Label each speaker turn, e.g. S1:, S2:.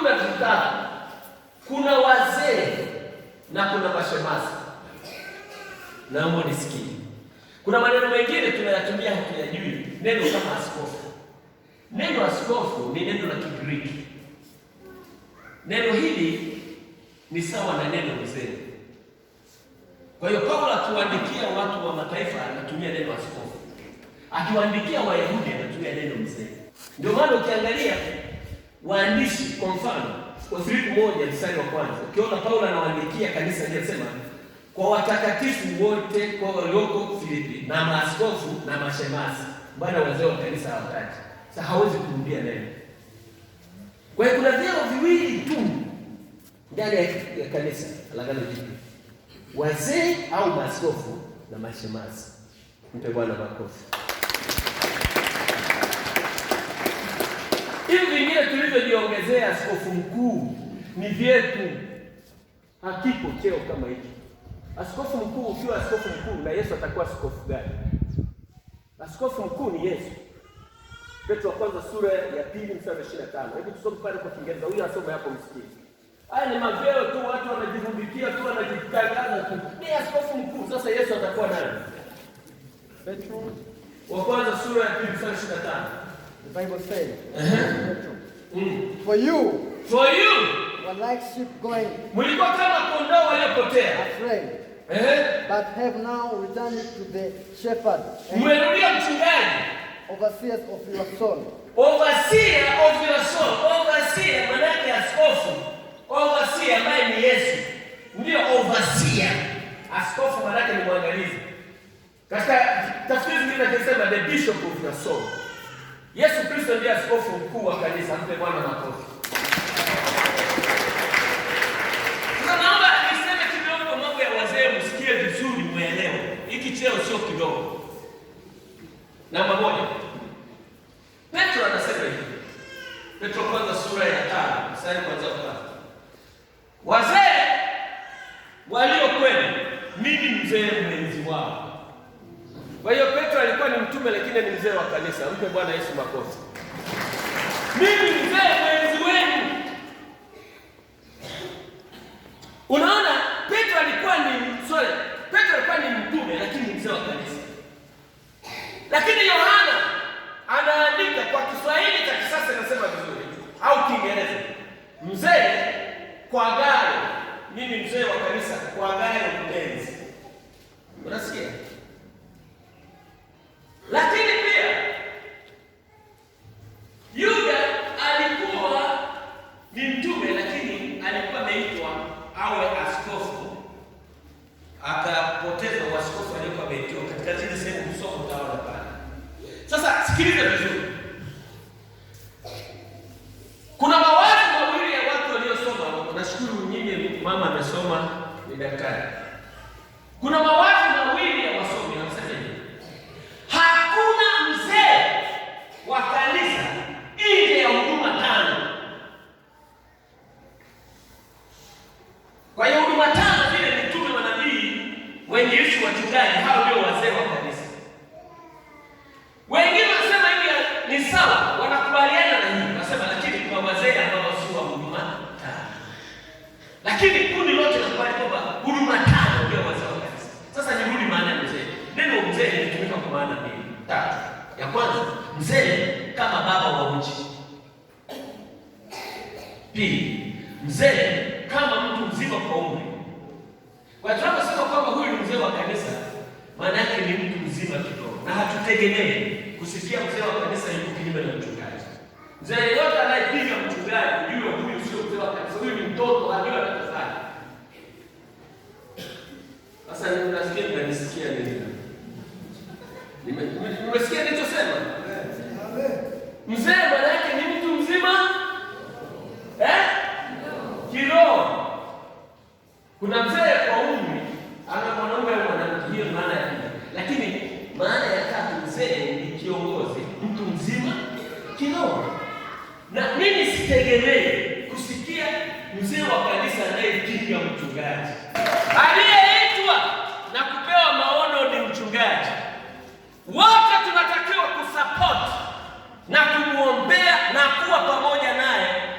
S1: Hakuna vitatu, kuna wazee na kuna mashemazi. Naomba nisikie, kuna maneno mengine tunayatumia hatuyajui, neno kama askofu. Neno askofu ni neno la Kigiriki. Neno hili ni sawa na neno mzee. Kwa hiyo Paulo akiwaandikia watu wa mataifa anatumia neno askofu, akiwaandikia Wayahudi anatumia neno mzee. Ndio maana ukiangalia waandishi kwa mfano wa Filipi moja mstari wa kwanza ukiona Paulo anawaandikia kanisa anasema kwa watakatifu wote kwa walioko Filipi na maaskofu na mashemasi, bwana wazee wa kanisa hawataki. Sasa hawezi kurudia neno. Kwa hiyo kuna vyeo viwili tu ndani ya kanisa la Agano Jipya, wazee au maaskofu na mashemasi. Mpe Bwana makofi. Hivi vingine tulivyojiongezea askofu mkuu ni vyetu, hakipo cheo kama hiki. Askofu mkuu ukiwa askofu mkuu, na Yesu atakuwa askofu gani? Askofu mkuu ni Yesu. Petro wa kwanza sura ya pili mstari wa 25. Hebu tusome pale kwa Kiingereza, huyo asome hapo msikii. Haya ni mavyeo tu, watu wanajivumbikia tu, wanajitangaza tu, ni askofu mkuu. Sasa Yesu atakuwa nani? Petro wa kwanza sura ya pili mstari wa 25.
S2: The Bible says. Uh -huh. Mm. For you. For you. Were like sheep going.
S1: Mlikuwa kama kondoo waliopotea.
S2: Astray. Eh? But have now returned to the shepherd.
S1: Mmerudia mchungaji.
S2: Overseers of your soul.
S1: Overseer of your soul. Overseer maana yake askofu. Overseer ambaye ni Yesu. Ndio overseer. Askofu maana yake ni mwangalizi. Katika tafsiri zingine tunasema the bishop of your soul. Yesu Kristo ndiye askofu mkuu wa kanisa. Mpe Bwana makofi. Sasa naomba niseme kidogo mambo ya wazee, msikie vizuri, muelewe. Hiki cheo sio kidogo. Namba moja, Petro anasema hivi, Petro kwanza sura ya tano mwingine ni mzee wa kanisa, mpe Bwana Yesu makofi. Mimi mzee mwenzi wenu. Unaona, Petro alikuwa ni sorry, Petro alikuwa ni mtume lakini ni mzee wa kanisa, lakini Yohana anaandika kwa Kiswahili cha kisasa, inasema vizuri au Kiingereza, mzee kwa gari, mimi mzee wa kanisa kwa gari mpenzi, unasikia? daktari. Kuna mawazo mawili ya wasomi wanasema hivi, hakuna mzee wa kanisa nje ya huduma tano. Kwa hiyo huduma tano vile mitume, manabii, wenye ishi, wachungaji, hao ndio wazee wa maana mbili tatu. Ya kwanza, mzee kama baba wa mji; pili, mzee kama mtu mzima kwa umri. Kwa tunaposema kwamba huyu ni mzee wa kanisa, maana yake ni mtu mzima kidogo, na hatutegemee kusikia mzee wa kanisa yuko kinyume na mchungaji. Mzee yeyote anayepiga mchungaji mzee maana yake ni mtu mzima eh? Kiroho kuna mzee kwa umri, ana mwanaume au mwanamke, hiyo maana ya pili. Lakini maana ya tatu, mzee ni kiongozi, mtu mzima kiroho. Na mimi sitegemee kusikia mzee wa kanisa anayepinga mchungaji